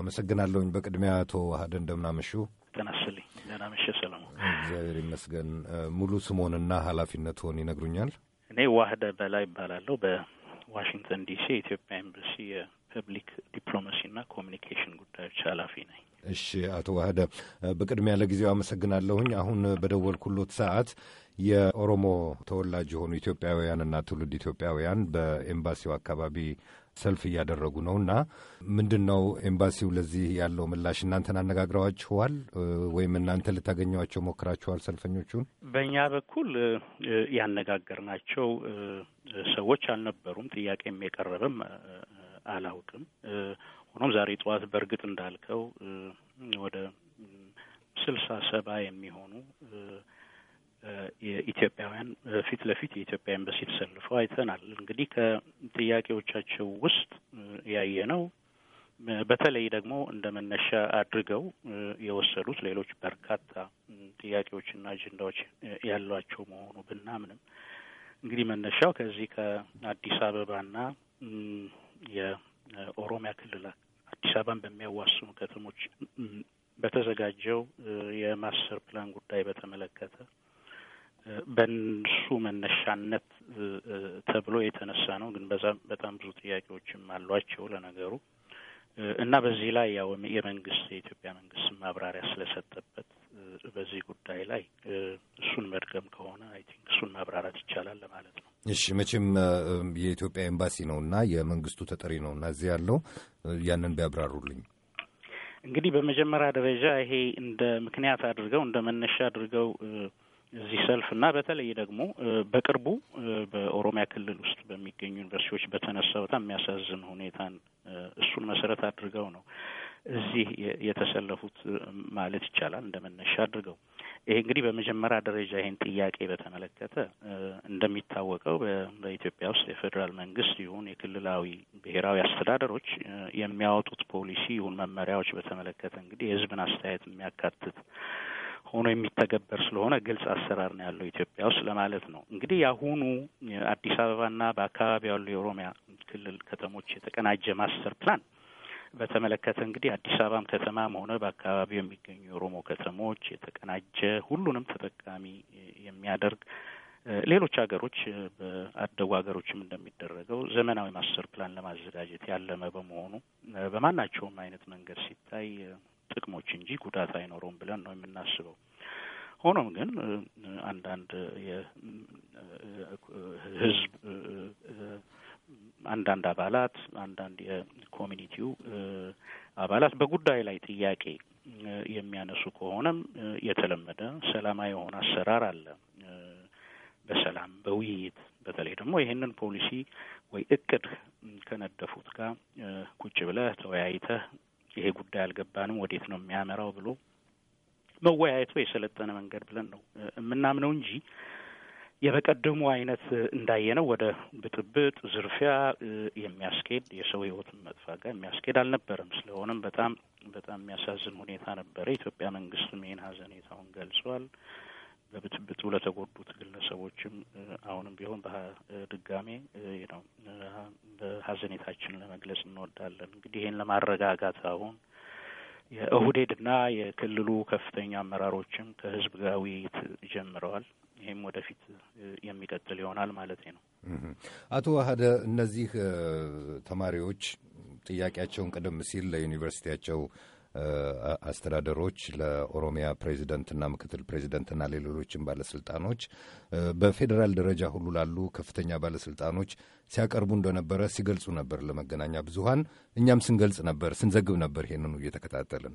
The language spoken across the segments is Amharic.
አመሰግናለሁኝ። በቅድሚያ አቶ ዋህደ እንደምናመሹ ተናስልኝ። ደህና መሸ ሰለሞን። እግዚአብሔር ይመስገን። ሙሉ ስሞንና ኃላፊነትዎን ይነግሩኛል? እኔ ዋህደ በላይ ይባላለሁ። በዋሽንግተን ዲሲ የኢትዮጵያ ኤምባሲ የፐብሊክ ዲፕሎማሲና ኮሚኒኬሽን ጉዳዮች ኃላፊ ነኝ። እሺ አቶ ዋህደ በቅድሚያ ለጊዜው አመሰግናለሁኝ። አሁን በደወልኩሎት ሰዓት የኦሮሞ ተወላጅ የሆኑ ኢትዮጵያውያንና ትውልድ ኢትዮጵያውያን በኤምባሲው አካባቢ ሰልፍ እያደረጉ ነው እና ምንድን ነው ኤምባሲው ለዚህ ያለው ምላሽ? እናንተን አነጋግረዋችኋል ወይም እናንተ ልታገኟቸው ሞክራችኋል ሰልፈኞቹን? በእኛ በኩል ያነጋገርናቸው ሰዎች አልነበሩም። ጥያቄም የቀረበም አላውቅም። ሆኖም ዛሬ ጠዋት በእርግጥ እንዳልከው ወደ ስልሳ ሰባ የሚሆኑ የኢትዮጵያውያን ፊት ለፊት የኢትዮጵያ ኤምባሲ ተሰልፈው አይተናል። እንግዲህ ከጥያቄዎቻቸው ውስጥ ያየ ነው በተለይ ደግሞ እንደ መነሻ አድርገው የወሰዱት ሌሎች በርካታ ጥያቄዎችና አጀንዳዎች ያሏቸው መሆኑ ብናምንም እንግዲህ መነሻው ከዚህ ከአዲስ አበባና የኦሮሚያ ክልል አዲስ አበባን በሚያዋስኑ ከተሞች በተዘጋጀው የማስተር ፕላን ጉዳይ በተመለከተ በእንሱ መነሻነት ተብሎ የተነሳ ነው። ግን በዛ በጣም ብዙ ጥያቄዎችም አሏቸው ለነገሩ እና በዚህ ላይ ያው የመንግስት የኢትዮጵያ መንግስት ማብራሪያ ስለሰጠበት በዚህ ጉዳይ ላይ እሱን መድገም ከሆነ አይ ቲንክ እሱን ማብራራት ይቻላል ለማለት ነው። እሺ መቼም የኢትዮጵያ ኤምባሲ ነውና የመንግስቱ ተጠሪ እና እዚህ ያለው ያንን ቢያብራሩልኝ። እንግዲህ በመጀመሪያ ደረጃ ይሄ እንደ ምክንያት አድርገው እንደ መነሻ አድርገው እዚህ ሰልፍ እና በተለይ ደግሞ በቅርቡ በኦሮሚያ ክልል ውስጥ በሚገኙ ዩኒቨርሲቲዎች በተነሳ በጣም የሚያሳዝን ሁኔታን እሱን መሰረት አድርገው ነው እዚህ የተሰለፉት ማለት ይቻላል እንደ መነሻ አድርገው። ይሄ እንግዲህ በመጀመሪያ ደረጃ ይህን ጥያቄ በተመለከተ እንደሚታወቀው በኢትዮጵያ ውስጥ የፌዴራል መንግስት ይሁን የክልላዊ ብሔራዊ አስተዳደሮች የሚያወጡት ፖሊሲ ይሁን መመሪያዎች በተመለከተ እንግዲህ የህዝብን አስተያየት የሚያካትት ሆኖ የሚተገበር ስለሆነ ግልጽ አሰራር ነው ያለው ኢትዮጵያ ውስጥ ለማለት ነው። እንግዲህ የአሁኑ አዲስ አበባና በአካባቢ ያሉ የኦሮሚያ ክልል ከተሞች የተቀናጀ ማስተር ፕላን በተመለከተ እንግዲህ አዲስ አበባም ከተማም ሆነ በአካባቢው የሚገኙ የኦሮሞ ከተሞች የተቀናጀ ሁሉንም ተጠቃሚ የሚያደርግ ሌሎች ሀገሮች በአደጉ ሀገሮችም እንደሚደረገው ዘመናዊ ማስተር ፕላን ለማዘጋጀት ያለመ በመሆኑ በማናቸውም አይነት መንገድ ሲታይ ጥቅሞች እንጂ ጉዳት አይኖረውም ብለን ነው የምናስበው። ሆኖም ግን አንዳንድ የህዝብ አንዳንድ አባላት አንዳንድ የኮሚኒቲው አባላት በጉዳይ ላይ ጥያቄ የሚያነሱ ከሆነም የተለመደ ሰላማዊ የሆነ አሰራር አለ። በሰላም በውይይት በተለይ ደግሞ ይህንን ፖሊሲ ወይ እቅድ ከነደፉት ጋር ቁጭ ብለህ ተወያይተህ ይሄ ጉዳይ አልገባንም፣ ወዴት ነው የሚያመራው ብሎ መወያየቱ የሰለጠነ መንገድ ብለን ነው የምናምነው እንጂ የበቀደሙ አይነት እንዳየነው ወደ ብጥብጥ፣ ዝርፊያ የሚያስኬድ የሰው ህይወት መጥፋት ጋር የሚያስኬድ አልነበረም። ስለሆነም በጣም በጣም የሚያሳዝን ሁኔታ ነበረ። ኢትዮጵያ መንግስትም ይህን ሀዘኔታውን ገልጿል። በብጥብጡ ለተጎዱት ግለሰቦችም አሁንም ቢሆን በድጋሜ ነው በሀዘኔታችን ለመግለጽ እንወዳለን። እንግዲህ ይህን ለማረጋጋት አሁን የኦህዴድና የክልሉ ከፍተኛ አመራሮችም ከህዝብ ጋር ውይይት ጀምረዋል። ይህም ወደፊት የሚቀጥል ይሆናል ማለት ነው። አቶ ዋህደ እነዚህ ተማሪዎች ጥያቄያቸውን ቀደም ሲል ለዩኒቨርሲቲያቸው አስተዳደሮች ለኦሮሚያ ፕሬዚደንትና ምክትል ፕሬዚደንትና ለሌሎችም ባለስልጣኖች በፌዴራል ደረጃ ሁሉ ላሉ ከፍተኛ ባለስልጣኖች ሲያቀርቡ እንደነበረ ሲገልጹ ነበር ለመገናኛ ብዙሃን። እኛም ስንገልጽ ነበር፣ ስንዘግብ ነበር። ይሄንኑ እየተከታተልን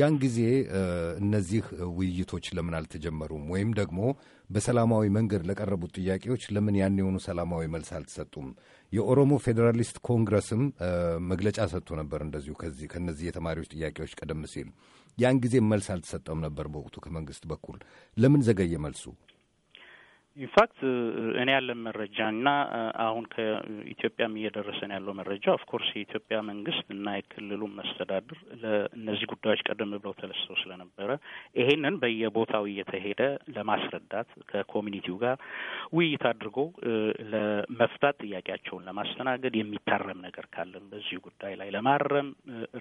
ያን ጊዜ እነዚህ ውይይቶች ለምን አልተጀመሩም ወይም ደግሞ በሰላማዊ መንገድ ለቀረቡት ጥያቄዎች ለምን ያን የሆኑ ሰላማዊ መልስ አልተሰጡም የኦሮሞ ፌዴራሊስት ኮንግረስም መግለጫ ሰጥቶ ነበር እንደዚሁ ከዚህ ከነዚህ የተማሪዎች ጥያቄዎች ቀደም ሲል ያን ጊዜ መልስ አልተሰጠም ነበር በወቅቱ ከመንግስት በኩል ለምን ዘገየ መልሱ ኢንፋክት እኔ ያለን መረጃ እና አሁን ከኢትዮጵያም እየደረሰን ያለው መረጃ ኦፍኮርስ የኢትዮጵያ መንግስት እና የክልሉን መስተዳድር ለእነዚህ ጉዳዮች ቀደም ብለው ተነስተው ስለነበረ ይሄንን በየቦታው እየተሄደ ለማስረዳት ከኮሚኒቲው ጋር ውይይት አድርጎ ለመፍታት ጥያቄያቸውን ለማስተናገድ የሚታረም ነገር ካለን በዚህ ጉዳይ ላይ ለማረም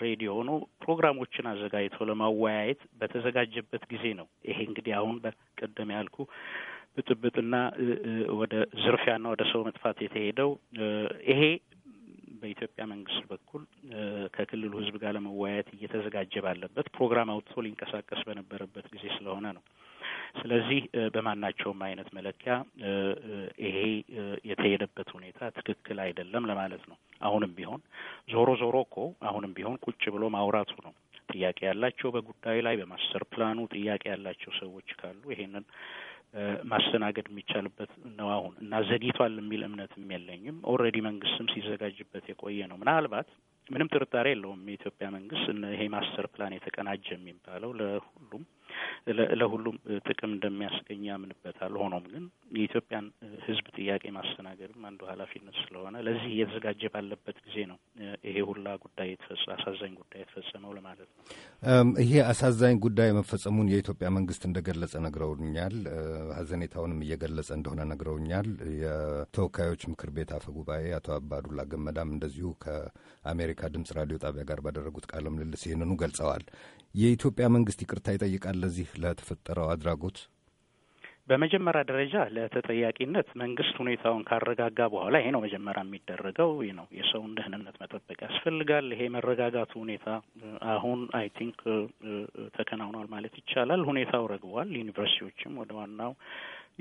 ሬዲ ሆኖ ፕሮግራሞችን አዘጋጅተው ለማወያየት በተዘጋጀበት ጊዜ ነው። ይሄ እንግዲህ አሁን በቀደም ያልኩ ብጥብጥና ወደ ዝርፊያና ወደ ሰው መጥፋት የተሄደው ይሄ በኢትዮጵያ መንግስት በኩል ከክልሉ ህዝብ ጋር ለመወያየት እየተዘጋጀ ባለበት ፕሮግራም አውጥቶ ሊንቀሳቀስ በነበረበት ጊዜ ስለሆነ ነው። ስለዚህ በማናቸውም አይነት መለኪያ ይሄ የተሄደበት ሁኔታ ትክክል አይደለም ለማለት ነው። አሁንም ቢሆን ዞሮ ዞሮ እኮ አሁንም ቢሆን ቁጭ ብሎ ማውራቱ ነው። ጥያቄ ያላቸው በጉዳዩ ላይ በማስተር ፕላኑ ጥያቄ ያላቸው ሰዎች ካሉ ይሄንን ማስተናገድ የሚቻልበት ነው አሁን እና ዘግይቷል የሚል እምነትም የለኝም። ኦልሬዲ መንግስትም ሲዘጋጅበት የቆየ ነው። ምናልባት ምንም ጥርጣሬ የለውም። የኢትዮጵያ መንግስት ይሄ ማስተር ፕላን የተቀናጀ የሚባለው ለሁሉም ለሁሉም ጥቅም እንደሚያስገኝ ያምንበታል። ሆኖም ግን የኢትዮጵያን ሕዝብ ጥያቄ ማስተናገድም አንዱ ኃላፊነት ስለሆነ ለዚህ እየተዘጋጀ ባለበት ጊዜ ነው ይሄ ሁላ ጉዳይ አሳዛኝ ጉዳይ የተፈጸመው ለማለት ነው። ይሄ አሳዛኝ ጉዳይ መፈጸሙን የኢትዮጵያ መንግስት እንደገለጸ ነግረውኛል። ሀዘኔታውንም እየገለጸ እንደሆነ ነግረውኛል። የተወካዮች ምክር ቤት አፈ ጉባኤ አቶ አባዱላ ገመዳም እንደዚሁ ከአሜሪካ ከአሜሪካ ድምፅ ራዲዮ ጣቢያ ጋር ባደረጉት ቃለ ምልልስ ይህንኑ ገልጸዋል። የኢትዮጵያ መንግስት ይቅርታ ይጠይቃል ለዚህ ለተፈጠረው አድራጎት። በመጀመሪያ ደረጃ ለተጠያቂነት መንግስት ሁኔታውን ካረጋጋ በኋላ ይሄ ነው መጀመሪያ የሚደረገው። ይህ ነው የሰውን ደህንነት መጠበቅ ያስፈልጋል። ይሄ መረጋጋቱ ሁኔታ አሁን አይ ቲንክ ተከናውኗል ማለት ይቻላል። ሁኔታው ረግቧል። ዩኒቨርሲቲዎችም ወደ ዋናው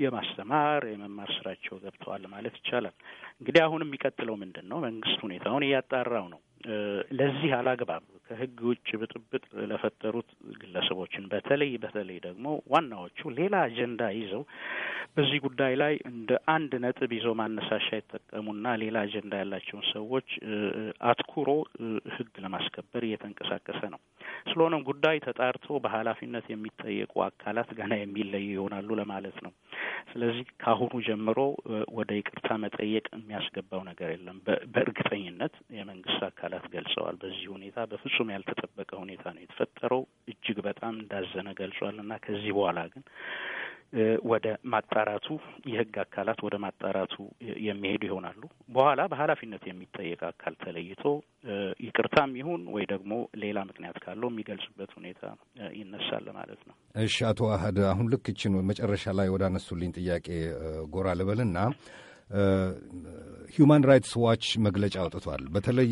የማስተማር የመማር ስራቸው ገብተዋል ማለት ይቻላል። እንግዲህ አሁን የሚቀጥለው ምንድን ነው? መንግስት ሁኔታውን እያጣራው ነው። ለዚህ አላግባብ ከህግ ውጭ ብጥብጥ ለፈጠሩት ግለሰቦችን በተለይ በተለይ ደግሞ ዋናዎቹ ሌላ አጀንዳ ይዘው በዚህ ጉዳይ ላይ እንደ አንድ ነጥብ ይዘው ማነሳሻ የተጠቀሙና ሌላ አጀንዳ ያላቸውን ሰዎች አትኩሮ ህግ ለማስከበር እየተንቀሳቀሰ ነው። ስለሆነም ጉዳይ ተጣርቶ በኃላፊነት የሚጠየቁ አካላት ገና የሚለዩ ይሆናሉ ለማለት ነው። ስለዚህ ከአሁኑ ጀምሮ ወደ ይቅርታ መጠየቅ የሚያስገባው ነገር የለም። በእርግጠኝነት የመንግስት አካል አካላት ገልጸዋል። በዚህ ሁኔታ በፍጹም ያልተጠበቀ ሁኔታ ነው የተፈጠረው። እጅግ በጣም እንዳዘነ ገልጿል እና ከዚህ በኋላ ግን ወደ ማጣራቱ የህግ አካላት ወደ ማጣራቱ የሚሄዱ ይሆናሉ። በኋላ በኃላፊነት የሚጠየቅ አካል ተለይቶ ይቅርታም ይሁን ወይ ደግሞ ሌላ ምክንያት ካለው የሚገልጽበት ሁኔታ ይነሳል ማለት ነው። እሺ፣ አቶ አህድ አሁን ልክ ይችን መጨረሻ ላይ ወዳነሱልኝ ጥያቄ ጎራ ልበልና ሂዩማን ራይትስ ዋች መግለጫ አውጥቷል። በተለይ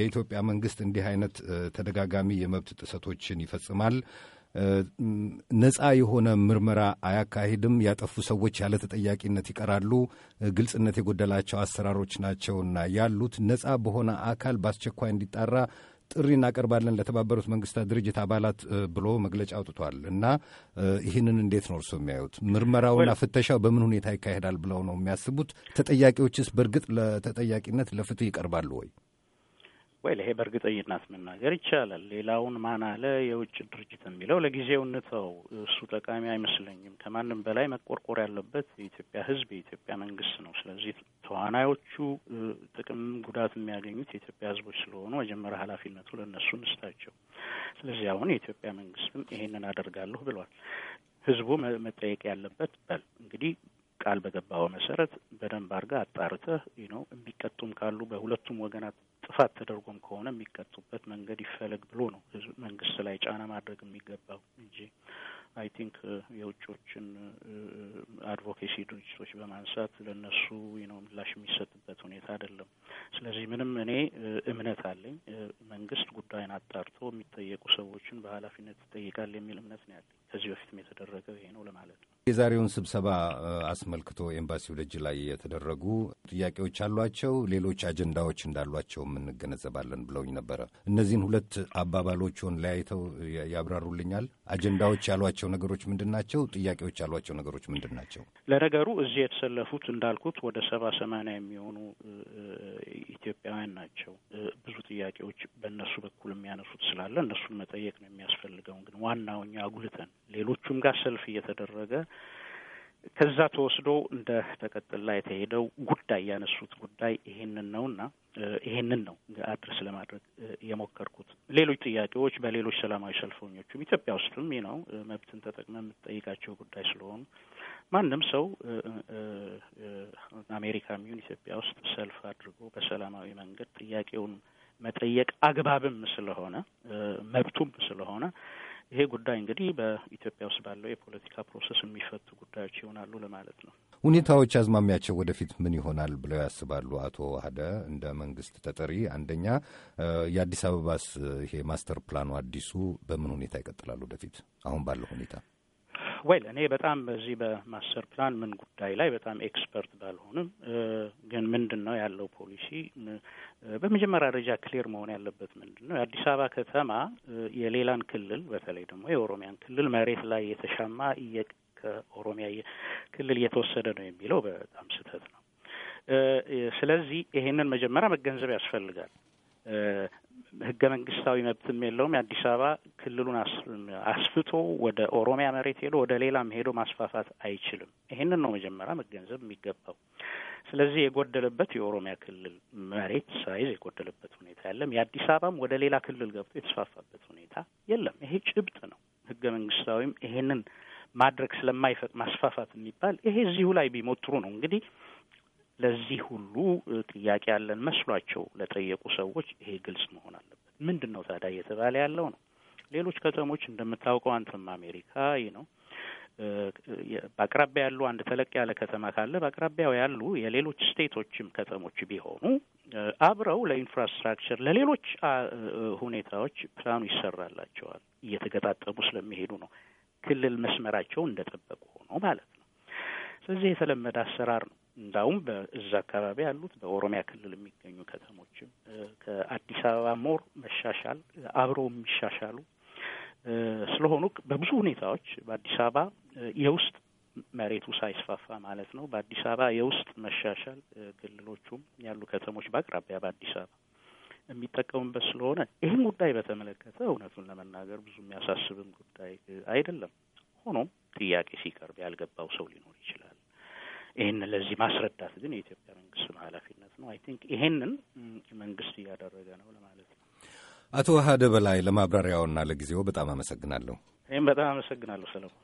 የኢትዮጵያ መንግስት እንዲህ አይነት ተደጋጋሚ የመብት ጥሰቶችን ይፈጽማል፣ ነፃ የሆነ ምርመራ አያካሂድም፣ ያጠፉ ሰዎች ያለ ተጠያቂነት ይቀራሉ፣ ግልጽነት የጎደላቸው አሰራሮች ናቸውና ያሉት ነፃ በሆነ አካል በአስቸኳይ እንዲጣራ ጥሪ እናቀርባለን ለተባበሩት መንግስታት ድርጅት አባላት ብሎ መግለጫ አውጥቷል እና ይህንን እንዴት ነው እርስዎ የሚያዩት? ምርመራውና ፍተሻው በምን ሁኔታ ይካሄዳል ብለው ነው የሚያስቡት? ተጠያቂዎችስ በእርግጥ ለተጠያቂነት ለፍትህ ይቀርባሉ ወይ? ወይ ይሄ በእርግጠኝነት መናገር ይቻላል። ሌላውን ማን አለ የውጭ ድርጅት የሚለው ለጊዜው እንተው፣ እሱ ጠቃሚ አይመስለኝም። ከማንም በላይ መቆርቆር ያለበት የኢትዮጵያ ሕዝብ የኢትዮጵያ መንግስት ነው። ስለዚህ ተዋናዮቹ ጥቅም ጉዳት የሚያገኙት የኢትዮጵያ ሕዝቦች ስለሆኑ መጀመሪያ ኃላፊነቱ ለእነሱ እንስታቸው። ስለዚህ አሁን የኢትዮጵያ መንግስትም ይሄንን አደርጋለሁ ብሏል። ህዝቡ መጠየቅ ያለበት በል እንግዲህ ቃል በገባው መሰረት በደንብ አርጋ አጣርተህ ነው የሚቀጡም ካሉ በሁለቱም ወገናት ጥፋት ተደርጎም ከሆነ የሚቀጡበት መንገድ ይፈለግ ብሎ ነው ህዝብ መንግስት ላይ ጫና ማድረግ የሚገባው እንጂ አይ ቲንክ uh, የውጮችን አድቮኬሲ uh, ድርጅቶች በማንሳት ለእነሱ ነው ምላሽ የሚሰጥበት ሁኔታ አይደለም። ስለዚህ ምንም እኔ uh, እምነት አለኝ መንግስት ጉዳይን አጣርቶ የሚጠየቁ ሰዎችን በኃላፊነት ይጠይቃል የሚል እምነት ነው ያለኝ። ከዚህ በፊትም የተደረገው ይሄ ነው ለማለት ነው። የዛሬውን ስብሰባ አስመልክቶ ኤምባሲው ደጅ ላይ የተደረጉ ጥያቄዎች አሏቸው፣ ሌሎች አጀንዳዎች እንዳሏቸውም እንገነዘባለን ብለውኝ ነበረ። እነዚህን ሁለት አባባሎችን ለያይተው ያብራሩልኛል። አጀንዳዎች ያሏቸው ነገሮች ምንድን ናቸው? ጥያቄዎች ያሏቸው ነገሮች ምንድን ናቸው? ለነገሩ እዚህ የተሰለፉት እንዳልኩት ወደ ሰባ ሰማንያ የሚሆኑ ኢትዮጵያውያን ናቸው። ብዙ ጥያቄዎች በእነሱ በኩል የሚያነሱት ስላለ እነሱን መጠየቅ ነው የሚያስፈልገው። ግን ዋናው እኛ አጉልተን ሌሎቹም ጋር ሰልፍ እየተደረገ ከዛ ተወስዶ እንደ ላይ የተሄደው ጉዳይ ያነሱት ጉዳይ ይሄንን እና ይሄንን ነው አድረስ ለማድረግ የሞከርኩት። ሌሎች ጥያቄዎች በሌሎች ሰላማዊ ሰልፈኞቹም ኢትዮጵያ ውስጥም ይህ ነው መብትን ተጠቅመ የምትጠይቃቸው ጉዳይ ስለሆኑ ማንም ሰው አሜሪካ ይሁን ኢትዮጵያ ውስጥ ሰልፍ አድርጎ በሰላማዊ መንገድ ጥያቄውን መጠየቅ አግባብም ስለሆነ መብቱም ስለሆነ ይሄ ጉዳይ እንግዲህ በኢትዮጵያ ውስጥ ባለው የፖለቲካ ፕሮሰስ የሚፈቱ ጉዳዮች ይሆናሉ ለማለት ነው። ሁኔታዎች አዝማሚያቸው ወደፊት ምን ይሆናል ብለው ያስባሉ አቶ ዋህደ? እንደ መንግስት ተጠሪ አንደኛ፣ የአዲስ አበባስ ይሄ ማስተር ፕላኑ አዲሱ በምን ሁኔታ ይቀጥላል ወደፊት አሁን ባለው ሁኔታ ወይል እኔ በጣም በዚህ በማስተር ፕላን ምን ጉዳይ ላይ በጣም ኤክስፐርት ባልሆንም፣ ግን ምንድን ነው ያለው ፖሊሲ በመጀመሪያ ደረጃ ክሊር መሆን ያለበት ምንድን ነው የአዲስ አበባ ከተማ የሌላን ክልል በተለይ ደግሞ የኦሮሚያን ክልል መሬት ላይ የተሻማ ከኦሮሚያ ክልል እየተወሰደ ነው የሚለው በጣም ስህተት ነው። ስለዚህ ይሄንን መጀመሪያ መገንዘብ ያስፈልጋል። ህገ መንግስታዊ መብትም የለውም። የአዲስ አበባ ክልሉን አስፍቶ ወደ ኦሮሚያ መሬት ሄዶ ወደ ሌላም ሄዶ ማስፋፋት አይችልም። ይህንን ነው መጀመሪያ መገንዘብ የሚገባው። ስለዚህ የጎደለበት የኦሮሚያ ክልል መሬት ሳይዝ የጎደለበት ሁኔታ የለም። የአዲስ አበባም ወደ ሌላ ክልል ገብቶ የተስፋፋበት ሁኔታ የለም። ይሄ ጭብጥ ነው። ህገ መንግስታዊም ይሄንን ማድረግ ስለማይፈቅ ማስፋፋት የሚባል ይሄ እዚሁ ላይ ቢሞትሩ ነው እንግዲህ ለዚህ ሁሉ ጥያቄ አለን መስሏቸው ለጠየቁ ሰዎች ይሄ ግልጽ መሆን አለበት። ምንድን ነው ታዲያ እየተባለ ያለው ነው። ሌሎች ከተሞች እንደምታውቀው አንተም አሜሪካ ነው በአቅራቢያ ያሉ አንድ ተለቅ ያለ ከተማ ካለ በአቅራቢያው ያሉ የሌሎች ስቴቶችም ከተሞች ቢሆኑ አብረው ለኢንፍራስትራክቸር፣ ለሌሎች ሁኔታዎች ፕላኑ ይሰራላቸዋል። እየተገጣጠሙ ስለሚሄዱ ነው። ክልል መስመራቸው እንደጠበቁ ሆኖ ማለት ነው። ስለዚህ የተለመደ አሰራር ነው። እንዳውም በእዛ አካባቢ ያሉት በኦሮሚያ ክልል የሚገኙ ከተሞችም ከአዲስ አበባ ሞር መሻሻል አብረው የሚሻሻሉ ስለሆኑ በብዙ ሁኔታዎች በአዲስ አበባ የውስጥ መሬቱ ሳይስፋፋ ማለት ነው። በአዲስ አበባ የውስጥ መሻሻል ክልሎቹም ያሉ ከተሞች በአቅራቢያ በአዲስ አበባ የሚጠቀሙበት ስለሆነ ይህን ጉዳይ በተመለከተ እውነቱን ለመናገር ብዙ የሚያሳስብም ጉዳይ አይደለም። ሆኖም ጥያቄ ሲቀርብ ያልገባው ሰው ሊኖር ይችላል። ይህንን ለዚህ ማስረዳት ግን የኢትዮጵያ መንግስት ኃላፊነት ነው። አይ ቲንክ ይሄንን መንግስት እያደረገ ነው ለማለት ነው። አቶ ዋህደ በላይ ለማብራሪያውና ለጊዜው በጣም አመሰግናለሁ። ይህም በጣም አመሰግናለሁ ሰለሞን።